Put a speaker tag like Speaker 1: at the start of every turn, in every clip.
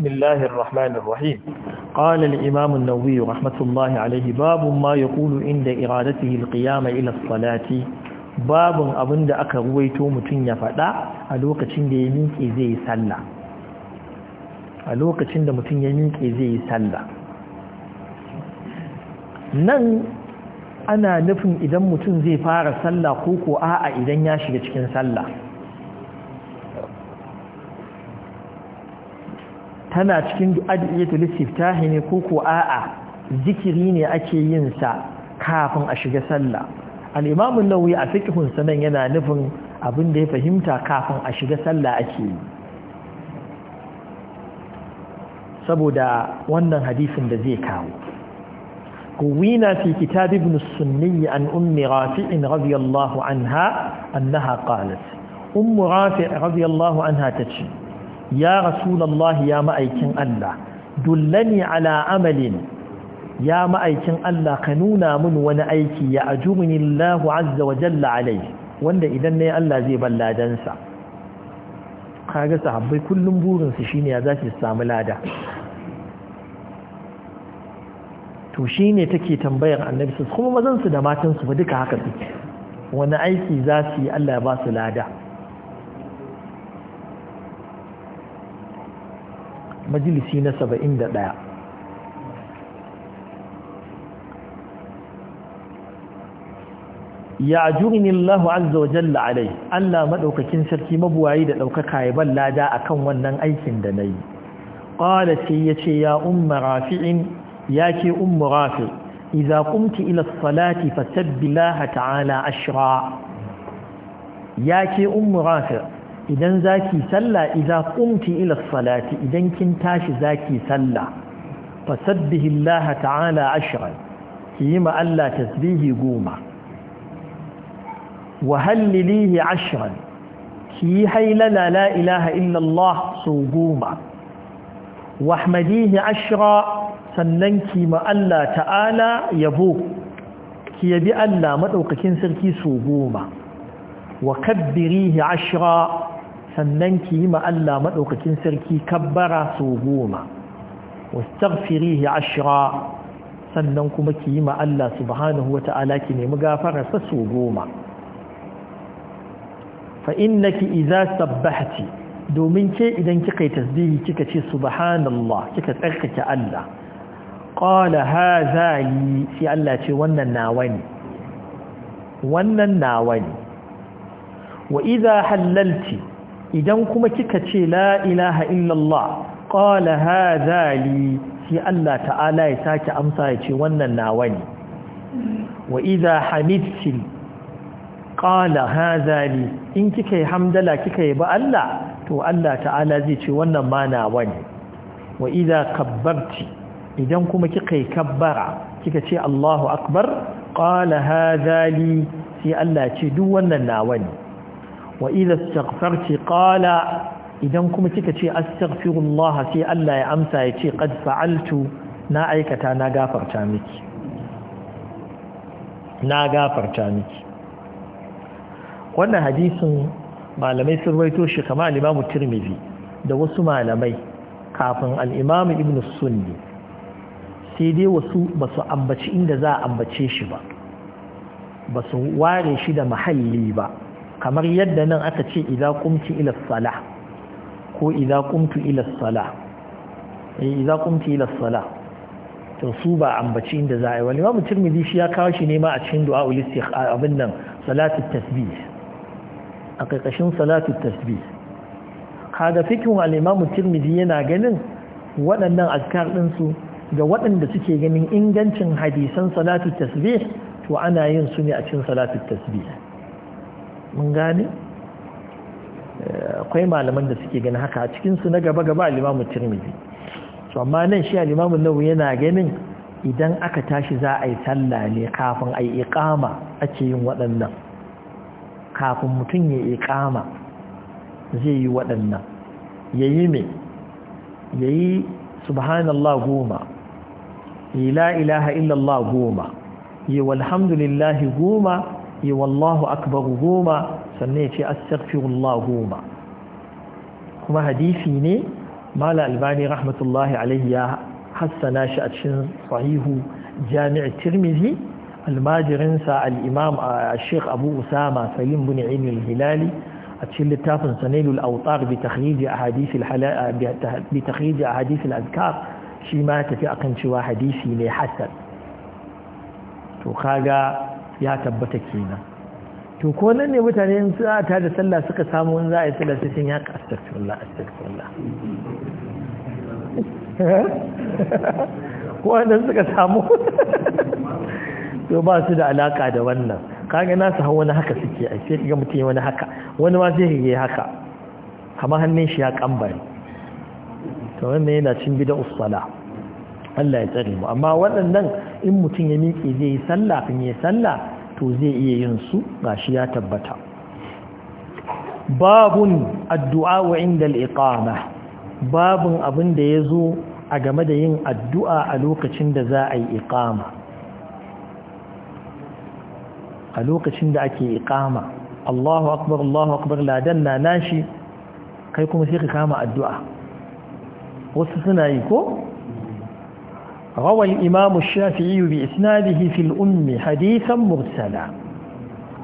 Speaker 1: بسم الله الرحمن الرحيم قال الإمام النووي رحمة الله عليه باب ما يقول عند إرادته القيام إلى الصلاة باب أبند دأك متن يفدا ألوك تند يمينك إزي سلا ألوك تند متن يمينك إزي سلا نن أنا نفن إذا متن زي فار سلا خوكو آأ إذا ناشي كتن سلا tana cikin addu'atul istiftahi ne ko ko a'a zikiri ne ake yin sa kafin a shiga sallah al nauyi a fiqhun sanan yana nufin abin da ya fahimta kafin a shiga sallah ake yi saboda wannan hadisin da zai kawo قوينا في كتاب ابن السني عن أم رافع رضي anha annaha أنها قالت rafi'in رافع رضي الله عنها ya rasulullahi ya ma'aikin Allah dullani ala amalin ya ma'aikin Allah ka nuna min wani aiki ya ajurni Allah azza wa jalla alai wanda idan ne Allah zai bar ladansa kaga sahabbai kullum burin su shine ya zasu samu lada to shine take tambayar annabi su kuma mazan su da matansu su ba duka haka suke wani aiki za su yi Allah ya ba su lada majalisi na saba'in da ɗaya ya ajurini Allah azza wa jalla alai Allah maɗaukakin sarki mabuwayi da ɗaukaka ya a akan wannan aikin da nayi qala sai yace ya umma rafi'in yake ummu rafi idza qumti ila as-salati fasabbilaha ta'ala Ya yake ummu rafi' idan zaki sallah idza qumti ila salati idan kin tashi zaki sallah fasabbihillaha ta'ala ashran ki ma Allah tasbihi goma wa hallilihi ashran ki hailala la ilaha illa Allah su goma wa ahmadihi ashra sannan ki maalla Allah ta'ala yabo ki yabi Allah madaukakin sarki su goma wa kabbirihi ashira. sannan ki yi Allah maɗaukacin sarki kabbara sau goma wastaghfirihi ashira sannan kuma ki yi Allah subhanahu wata'ala ki nemi gafararsa sau goma fa innaki iza sabbahti domin ke idan kika yi tasbihi kika ce subhanallah kika tsarkake Allah qala hadha yi sai Allah ce wannan nawa ne wannan nawa ne wa iza hallalti idan kuma kika ce la ilaha illallah qala hadha li sai Allah ta'ala ya sake amsa ya ce wannan nawa ne wa idha hamidti qala hadha li in kika yi hamdala kika yi ba Allah to Allah ta'ala zai ce wannan ma nawa ne wa idha kabbarti idan kuma kika yi kabbara kika ce Allahu akbar qala hadha li sai Allah ce duk wannan nawa ne wa idza astaghfarti qala idan kuma kika ce astaghfirullah sai Allah ya amsa ya ce qad fa'altu na aikata na gafarta miki na gafarta miki wannan hadisin malamai sun rawaito shi kama al-Imam Tirmidhi da wasu malamai kafin al-Imam Ibn Sunni sai dai wasu basu ambaci inda za a ambace shi ba basu ware shi da mahalli ba kamar yadda nan aka ce idza qumti ila salah ko idza qumtu ila salah eh idza ila salah to su ba ambaci inda za a yi wani shi ya kawo shi ne ma a cikin du'a ul istikhara abin nan salatu tasbih a ƙarƙashin salatu tasbih kaga fikin al-imamu tirmidhi yana ganin waɗannan azkar din su ga waɗanda suke ganin ingancin hadisan salatu tasbih to ana yin su ne a cikin salatu tasbih mun gane akwai malaman da suke gani haka a cikinsu na gaba-gaba alimamu tirmidhi su amma nan shi alimamu nau yana ganin idan aka tashi za a yi sallah ne kafin a yi ikama ake yin waɗannan kafin mutum ya ikama zai yi waɗannan ya yi mai ya yi subhanallah goma la ilaha illallah goma yi walhamdulillahi goma yi wallahu akbar goma sannan ya ce astaghfirullah goma kuma hadisi ne mala albani rahmatullahi alaihi ya hassana shi a cikin sahihu jami'ar tirmizi almajirinsa al'imam a sheikh abu usama salim bin ilmi hilali a cikin littafin sanilul autar bi takhriji a hadisil azkar shi ma tafi akan cewa hadisi ne hassan to kaga ya tabbata kenan to ko nan ne mutane in za ta da sallah suka samu in za a yi sallah sai sun yaka astagfirullah astagfirullah ko wanda suka samu to ba su da alaka da wannan kaga su hau wani haka suke a sai ga mutum wani haka wani ma zai yi haka kamar hannun shi ya kambare to wannan yana cin bida usala Allah ya tsare mu amma waɗannan in mutum ya miƙe zai yi sallah in yi sallah to zai iya yin su gashi ya tabbata babun addu'a wa inda al’iƙama babun abin da ya zo a game da yin addu'a a lokacin da za a yi iƙama, a lokacin da ake iƙama Allahu akbar Allahu akbar ladan na nashi kai kuma sai ka kama addu'a wasu suna yi ko روى الإمام الشافعي بإسناده في الأم حديثا مرسلا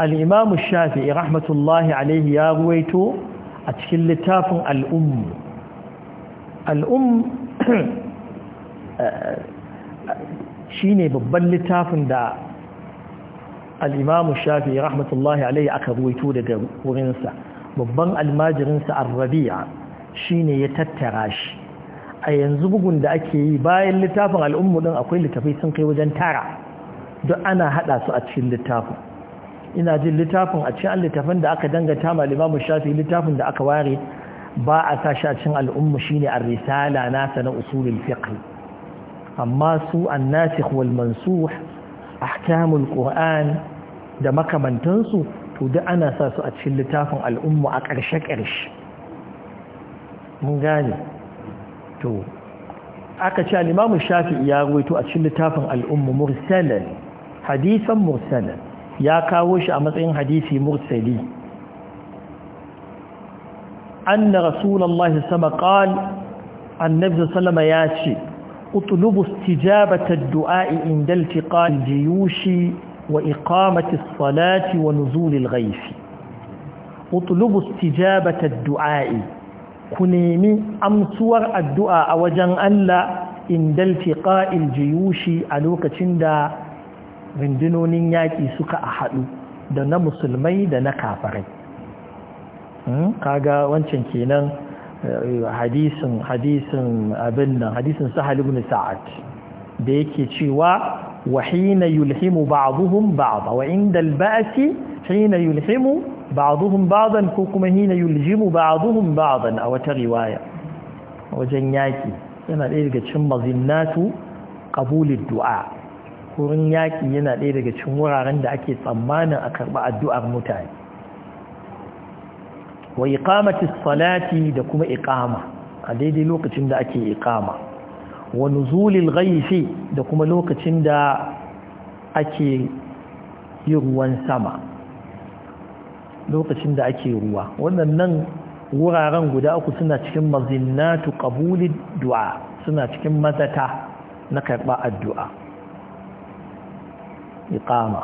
Speaker 1: الإمام الشافعي رحمة الله عليه يا رويت أتكل لتاف الأم الأم شيني ببن لتاف دا الإمام الشافعي رحمة الله عليه أكرويت دا ورنسا ببن الماجرنسا الربيع شيني يتتراش a yanzu bugun da ake yi bayan littafin al'ummu din akwai littafai sun kai wajen tara duk ana haɗa su a cikin littafin ina jin littafin a cikin littafin da aka dangata ma mu shafi littafin da aka ware ba a sashi a cikin al'ummu shine a risala nasa na usulul fiqh amma su an-nasikh wal mansukh ahkamul qur'an da makamantansu to duk ana sa su a cikin littafin al'ummu a ƙarshe-ƙarshe mun gane to aka ce al-Imam Shafi'i ya ruwaito a cikin littafin al-Umm mursalan hadisan mursalan ya kawo shi a matsayin hadisi mursali anna rasulullahi sallallahu sama qal annabi sallallahu alaihi wasallam ya ce utlubu istijabata ad-du'a inda iltiqal jiyushi wa wa ku nemi amsuwar addu'a a wajen Allah in indal ƙa’il jiyushi a lokacin da rundunonin yaƙi suka a haɗu da na musulmai da na kafarai hmm? ga wancan kenan eh, hadisin hadisin abin nan hadisin sahal ibn sa'ad da yake cewa wa hina yulhimu ba'dhum ba'd wa indal ba'si hina yulhimu ba'duhum ba'dan ko kuma hina yuljimu ba'duhum ba'dan a wata riwaya wajen yaki yana ɗaya daga cikin mazinnatu qabulid du'a wurin yaki yana ɗaya daga cikin wuraren da ake tsammanin a karɓi addu'ar mutane wa iqamati salati da kuma iqama a daidai lokacin da ake iqama wa nuzulil ghaifi da kuma lokacin da ake yin ruwan sama lokacin da ake ruwa wannan nan wuraren guda uku suna cikin mazinnatu qabulid du'a suna cikin mazata na karba addu'a iqama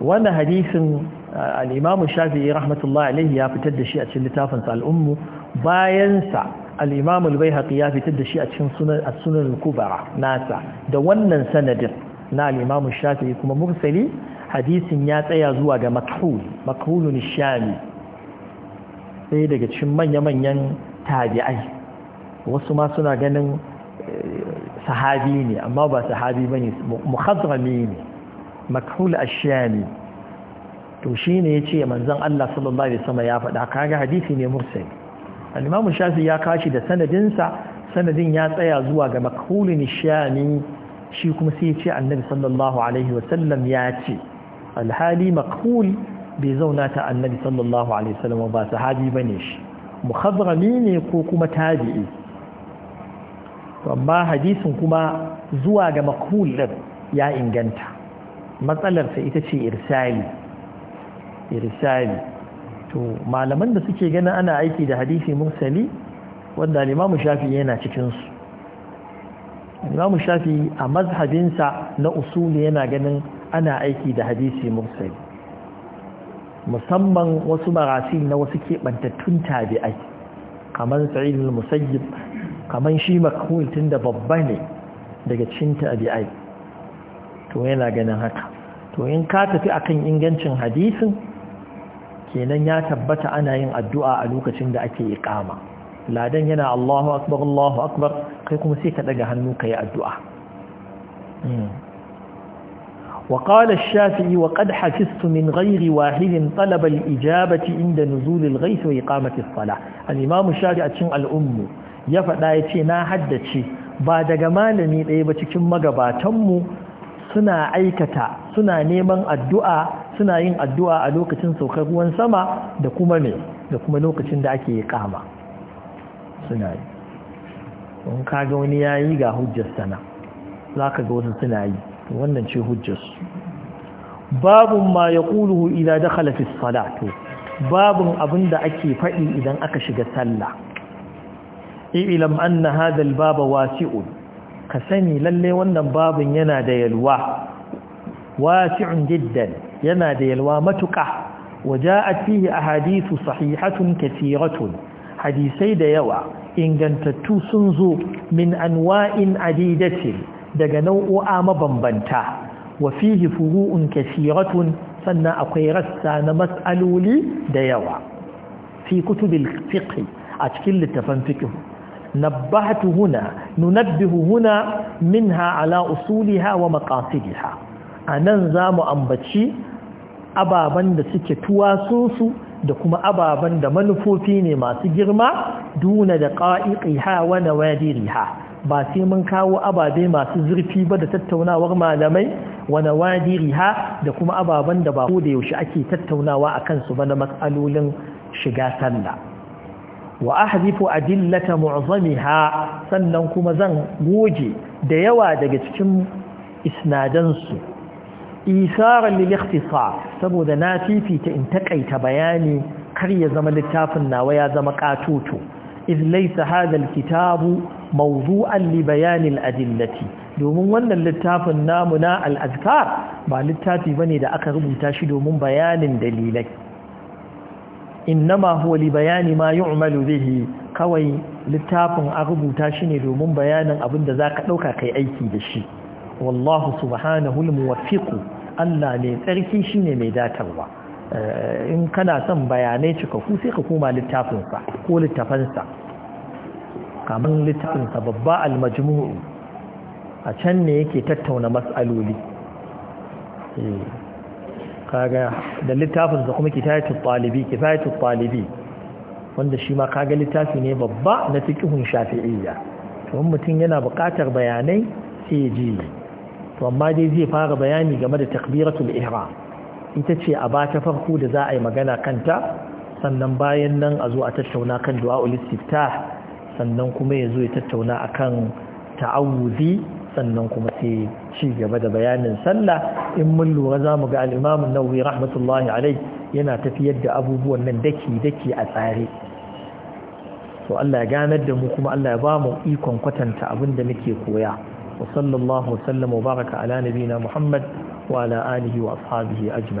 Speaker 1: wannan hadisin uh, al-Imam Shafi'i rahmatullahi alayhi ya fitar da shi a cikin littafin sa al-Ummu bayan sa al-Imam al ya fitar da shi a cikin sunan kubara al nasa da wannan sanadin na al'imamu shafi'i kuma mursali hadisin ya tsaya zuwa ga makhul makhulun shami sai daga cikin manya-manyan tabi'ai wasu ma suna ganin eh, sahabi ne amma ba sahabi ba ne muhazrami ne makhul ashami to shi ne ya ce manzan Allah sallallahu Alaihi wasallam ya faɗa kaga hadisi ne mursali al'imamu shafi ya kashi da sanadinsa sanadin ya tsaya zuwa ga makhulun shami shi kuma sai ce annabi sallallahu alaihi wasallam ya ce alhali makhul bai zauna ta annabi sallallahu alaihi wasallam ba sahabi bane shi muhadrami ne ko kuma tabi'i amma hadisin kuma zuwa ga makul din ya inganta matsalarsa ita ce irsali irsali to malaman da suke ganin ana aiki da hadisi mursali wanda limamu shafi yana cikin su imam shafi a mazhabinsa na usuli yana ganin ana aiki da hadisi mursali musamman wasu marasi na wasu keɓantattun tabi'ai kamar Sa'idu musayyib kamar shi makhul da babba ne daga cikin tabi'ai to yana ganin haka to in ka tafi akan ingancin hadisin kenan ya tabbata ana yin addu'a a lokacin da ake iqama ladan yana Allahu akbar Allahu akbar kai kuma sai ka daga hannu yi addu'a وقال الشافعي وقد حفظت من غير واحد طلب الإجابة عند نزول الغيث وإقامة الصلاة الإمام الشافعي أتشن الأم يفعل آيتي نا حدتي بعد جمال ميت أيبتك مقباتم suna aikata suna neman addu'a suna yin addu'a a lokacin saukar ruwan sama da kuma da kuma lokacin da ake kama suna yi kaga wani ya yi ga hujjar sana za ka ga wasu suna yi wannan ce hujjar su babun ma ya ƙuluhu ila da halafis salatu babun abin da ake faɗi idan aka shiga sallah ilam anna hadal baba wasi'un ka sani lalle wannan babun yana da yalwa wasi'un jiddan yana da yalwa matuƙa وجاءت fihi أحاديث sahihatun كثيرة hadisai da yawa ingantattu sun zo min anwa'in adidatin daga nau'o'a mabambanta wa fihi furu'un kasiratun sannan akwai rassa na mas'aloli da yawa fi kutubil fiqh a cikin littafan fiqh nabbahtu huna nunabbihu huna minha ala usuliha wa maqasidiha za mu ambaci ababan da suke tuwasunsu da kuma ababen da manufofi ne masu girma duna da ƙa'iƙiha wa nawadiriha ba sai mun kawo ababe masu zurfi ba da tattaunawar malamai wa nawadiriha da kuma ababen da ba ko da yaushe ake tattaunawa a kansu ba na matsalolin shiga sallah wa ahzifu adillata mu'zamiha sannan kuma zan goge da yawa daga cikin isnadansu isaran lil ikhtisar saboda na fifita in takaita bayani kar ya zama littafin nawa ya zama katoto iz laysa hadha alkitabu mawdu'an li bayan adillati domin wannan littafin namu na al ba littafi bane da aka rubuta shi domin bayanin dalilai innama huwa li bayani ma yu'malu bihi kawai littafin a rubuta shi ne domin bayanin abin da zaka dauka kai aiki da shi wallahu subhanahu al-muwaffiq Allah ne tsarki shi ne mai datarwa eh, in kana son bayanai cikakku sai ka koma littafinsa ko littafansa kamar littafinsa babba almajmu'u a can ne yake tattauna matsaloli eh, kaga da littafinsa kuma kitayatul talibi kifayatul talibi wanda shi ma kaga littafi ne babba na fiqhun shafi'iyya to mutum yana buƙatar bayanai sai ya ji to amma dai zai fara bayani game da takbiratul ihram ita ce a ba ta farko da za a yi magana kanta sannan bayan nan a zo a tattauna kan du'a'ul istiftah sannan kuma ya zo ya tattauna akan ta'awuzi sannan kuma sai ci gaba da bayanin sallah in mun lura za mu ga An-Nawawi rahmatullahi alai yana tafiyar da abubuwan nan daki-daki a tsare to Allah ya ganar da mu kuma Allah ya ba mu ikon kwatanta abin da muke koya وصلى الله وسلم وبارك على نبينا محمد وعلى آله وأصحابه أجمعين